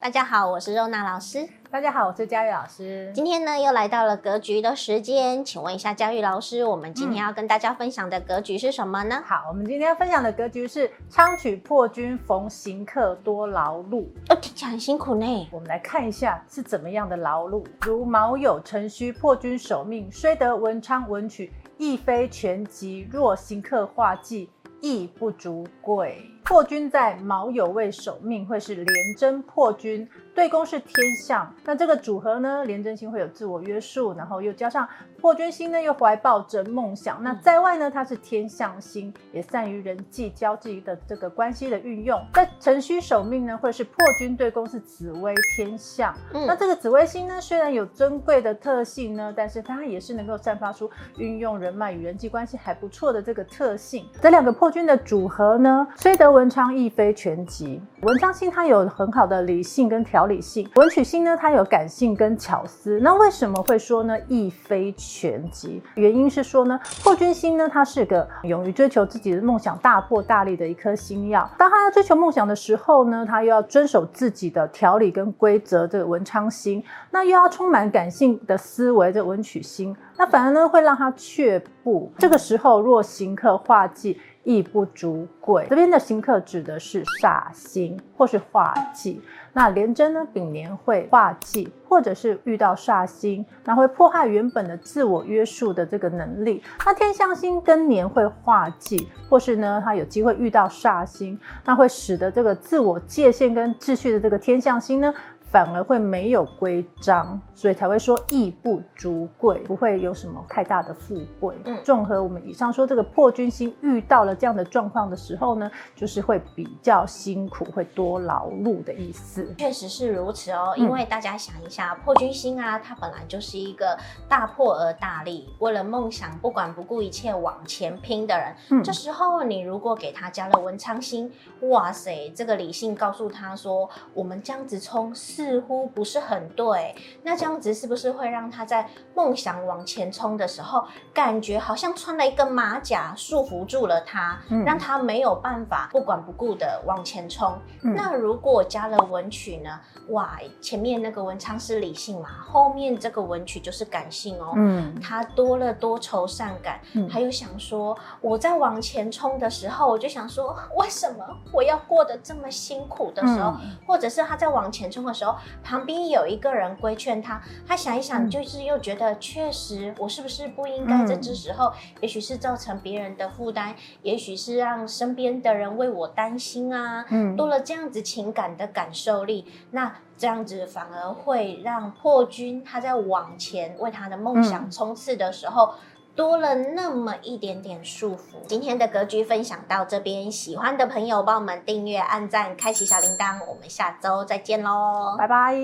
大家好，我是肉娜老師。大家好，我是佳玉老師。今天呢，又來到了格局的時間。請問一下，佳玉老師，我們今天要跟大家分享的格局是什麼呢？嗯、好，我們今天要分享的格局是《昌曲破軍逢刑剋多勞碌》哦，聽起來很辛苦呢。我們來看一下是怎麼樣的勞碌。如卯酉辰戌破軍守命，雖得文昌文曲，亦非全吉。若刑剋化忌，亦不足貴。破軍在卯酉位守命，會是廉貞破軍，對宮是天相。那這個組合呢，廉貞星會有自我約束，然後又加上破軍星呢，又懷抱着夢想。那在外呢，它是天相星，也善於人際交際的這個關係的運用。那辰戌守命呢，會是破軍，對宮是紫微天相。嗯、那這個紫微星呢，雖然有尊貴的特性呢，但是它也是能夠散發出運用人脈與人際關係還不錯的這個特性。這兩個破軍的組合呢，雖得。文昌亦非全吉，文昌星它有很好的理性跟條理性，文曲星呢，它有感性跟巧思。那為什麼會說呢？亦非全吉，原因是說呢，破軍星呢，它是個勇於追求自己的夢想、大破大立的一顆星曜。當它那追求夢想的時候呢，他又要遵守自己的條理跟規則，這個文昌星；那又要充滿感性的思維，這個文曲星。那反而呢，會讓他卻步。這個時候，若刑剋化忌，亦不足貴。這邊的刑剋指的是煞星。或是化忌，那廉貞呢，丙年會化忌，或者是遇到煞星，那會破壞原本的自我約束的這個能力。那天相星庚年會化忌，或是呢，他有機會遇到煞星，那會使得這個自我界限跟秩序的這個天相星呢，反而會沒有規章，所以才會說義不足貴，不會有什麼太大的富貴。嗯，綜合我們以上說，這個破軍星遇到了這樣的狀況的時候呢，就是會比較辛苦，會多勞碌的意思。確實是如此哦、嗯，因為大家想一下，破軍星啊，他本來就是一個大破而大立，為了夢想不管不顧一切往前拼的人。嗯，這時候你如果給他加了文昌星，哇塞，這個理性告訴他說，我們這樣子衝。似乎不是很對，那這樣子是不是會讓他在夢想往前衝的時候，感覺好像穿了一個馬甲束縛住了他、嗯，讓他沒有辦法不管不顧的往前衝、嗯？那如果我加了文曲呢？哇，前面那個文昌是理性嘛，後面這個文曲就是感性哦、喔。嗯，他多了多愁善感，嗯、還有想說我在往前衝的時候，我就想說為什麼我要過得這麼辛苦的時候，嗯、或者是他在往前衝的時候。旁邊有一個人規勸他，他想一想，就是又覺得確實，我是不是不應該、嗯？在這時候，也許是造成別人的負擔，也許是讓身邊的人為我擔心啊。嗯，多了這樣子情感的感受力，那這樣子反而會讓破軍他在往前為他的夢想衝刺的時候。嗯。多了那麼一點點束縛。今天的格局分享到這邊，喜歡的朋友幫我們訂閱、按讚、開啟小鈴鐺，我們下周再見嘍，拜拜。